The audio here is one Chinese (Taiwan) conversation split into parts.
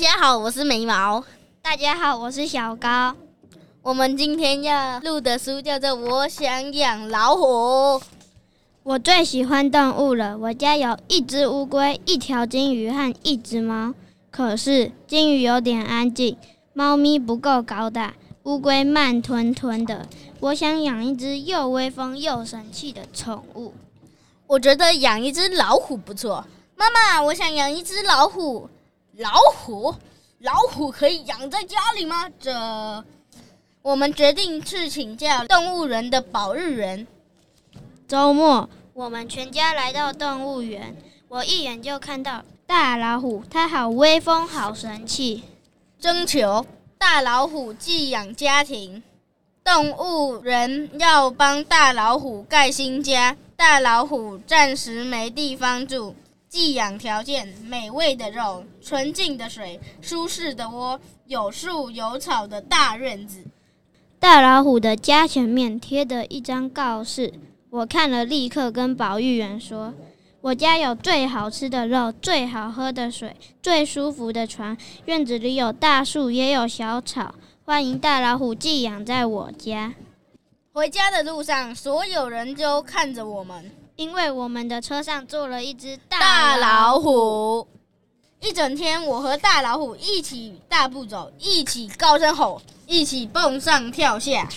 大家好，我是眉毛。大家好，我是小高。我們今天要錄的書叫做《我想養老虎》。我最喜歡動物了。我家有一隻烏龜、一條金魚和一隻貓。可是金魚有點安靜，貓咪不夠高大，烏龜慢吞吞的。我想養一隻又威風又神氣的寵物。我覺得養一隻老虎不錯。媽媽，我想養一隻老虎。老虎，老虎可以養在家裡嗎？這，我們決定去請教動物園的保育員。週末，我們全家來到動物園，我一眼就看到大老虎，它好威風，好神氣。徵求大老虎寄養家庭，動物園要幫大老虎蓋新家，大老虎暫時沒地方住。寄養條件：美味的肉、純淨的水、舒適的窩、有樹有草的大院子。大老虎的家前面貼着一張告示，我看了立刻跟保育員說：“我家有最好吃的肉、最好喝的水、最舒服的船，院子裡有大樹也有小草，歡迎大老虎寄養在我家。”回家的路上，所有人都看着我們。因為我們的車上坐了一只大老,大老虎，一整天我和大老虎一起大步走，一起高聲吼，一起蹦上跳下。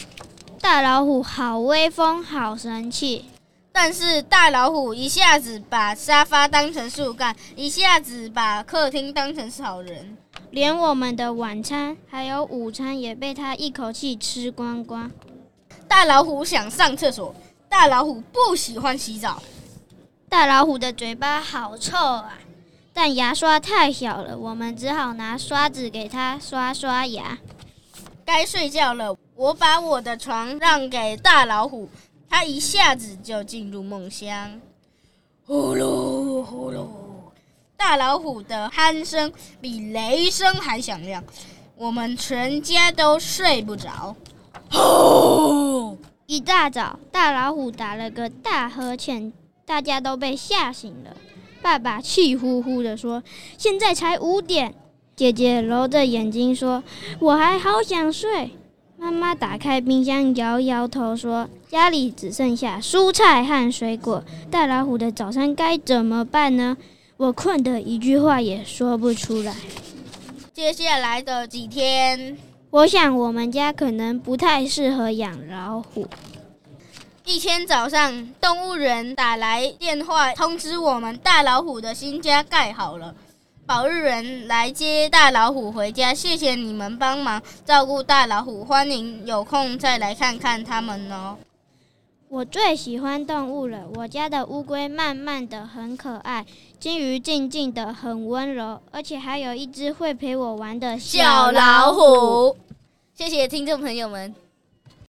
大老虎好威風，好神氣。但是大老虎一下子把沙發當成樹幹，一下子把客廳當成草人，連我們的晚餐還有午餐也被他一口氣吃光光。大老虎想上廁所。大老虎不喜歡洗澡。大老虎的嘴巴好臭啊，但牙刷太小了，我們只好拿刷子給它刷刷牙。該睡覺了，我把我的床讓給大老虎，它一下子就進入夢鄉。呼嚕呼嚕，大老虎的鼾聲比雷聲還響亮，我們全家都睡不着。吼！一大早，大老虎打了個大呵欠，大家都被嚇醒了。爸爸氣呼呼地說：“現在才五點。”姐姐揉着眼睛說：“我還好想睡。”媽媽打開冰箱，搖搖頭說：“家裡只剩下蔬菜和水果，大老虎的早餐該怎麼辦呢？”我困得一句話也說不出來。接下來的幾天。我想我們家可能不太適合養老虎。一天早上，動物園打來電話通知我們大老虎的新家蓋好了，保育員來接大老虎回家。謝謝你們幫忙照顧大老虎，歡迎有空再來看看他們哦。我最喜歡動物了。我家的烏龜慢慢的很可愛，金魚靜靜的很溫柔，而且還有一只會陪我玩的小老虎。老虎。謝謝聽眾朋友們。